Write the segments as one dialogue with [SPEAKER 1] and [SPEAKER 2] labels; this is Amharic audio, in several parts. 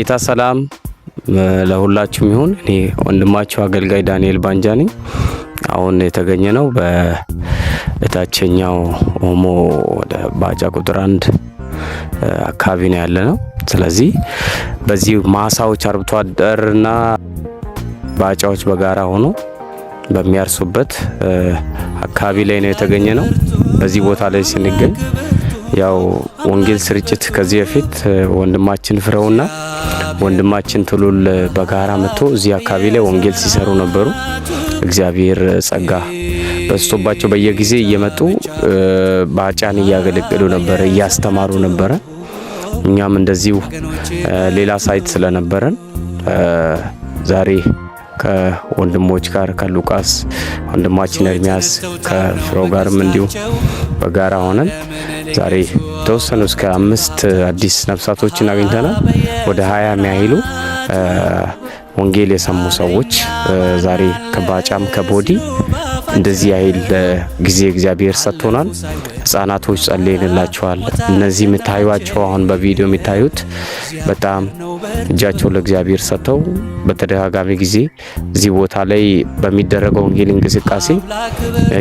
[SPEAKER 1] ጌታ ሰላም ለሁላችሁም ይሁን። እኔ ወንድማችሁ አገልጋይ ዳንኤል ባንጃ ነኝ። አሁን የተገኘ ነው በእታችኛው ኦሞ ወደ ባጫ ቁጥር አንድ አካባቢ ነው ያለ ነው። ስለዚህ በዚህ ማሳዎች አርብቶ አደርና ባጫዎች በጋራ ሆኖ በሚያርሱበት አካባቢ ላይ ነው የተገኘ ነው። በዚህ ቦታ ላይ ስንገኝ ያው ወንጌል ስርጭት ከዚህ በፊት ወንድማችን ፍረውና ወንድማችን ትሉል በጋራ መጥቶ እዚህ አካባቢ ላይ ወንጌል ሲሰሩ ነበሩ። እግዚአብሔር ጸጋ በስቶባቸው በየጊዜ እየመጡ በአጫን እያገለገሉ ነበረ፣ እያስተማሩ ነበረ። እኛም እንደዚሁ ሌላ ሳይት ስለነበረን ዛሬ ከወንድሞች ጋር ከሉቃስ ወንድማችን ኤርሚያስ ከፍሮ ጋርም እንዲሁ በጋራ ሆነን ዛሬ ተወሰኑ እስከ አምስት አዲስ ነፍሳቶችን አግኝተናል። ወደ ሀያ የሚያይሉ ወንጌል የሰሙ ሰዎች ዛሬ ከባጫም ከቦዲ እንደዚህ ያህል ጊዜ እግዚአብሔር ሰጥቶናል። ህጻናቶች ጸልይንላቸዋል። እነዚህ የምታዩቸው አሁን በቪዲዮ የሚታዩት በጣም እጃቸውን ለእግዚአብሔር ሰጥተው በተደጋጋሚ ጊዜ እዚህ ቦታ ላይ በሚደረገው ወንጌል እንቅስቃሴ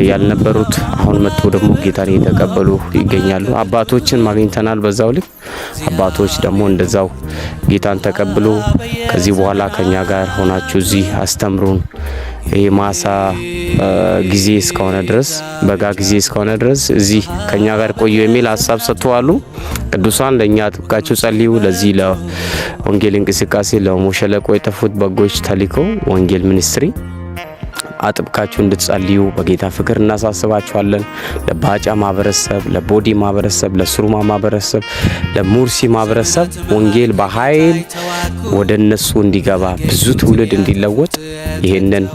[SPEAKER 1] ያልነበሩት አሁን መጥቶ ደግሞ ጌታን እየተቀበሉ ይገኛሉ። አባቶችን ማግኝተናል። በዛው ልክ አባቶች ደግሞ እንደዛው ጌታን ተቀብሎ ከዚህ በኋላ ከኛ ጋር ሆናችሁ እዚህ አስተምሩን ይህ ማሳ ጊዜ እስከሆነ ድረስ በጋ ጊዜ እስከሆነ ድረስ እዚህ ከኛ ጋር ቆዩ የሚል ሀሳብ ሰጥተዋሉ። ቅዱሳን ለእኛ አጥብቃችሁ ጸልዩ። ለዚህ ለወንጌል እንቅስቃሴ ለኦሞ ሸለቆ የጠፉት በጎች ተልእኮ ወንጌል ሚኒስትሪ አጥብቃችሁ እንድትጸልዩ በጌታ ፍቅር እናሳስባችኋለን። ለባጫ ማህበረሰብ፣ ለቦዲ ማህበረሰብ፣ ለሱሩማ ማህበረሰብ፣ ለሙርሲ ማህበረሰብ ወንጌል በኃይል ወደ እነሱ እንዲገባ ብዙ ትውልድ እንዲለወጥ ይህንን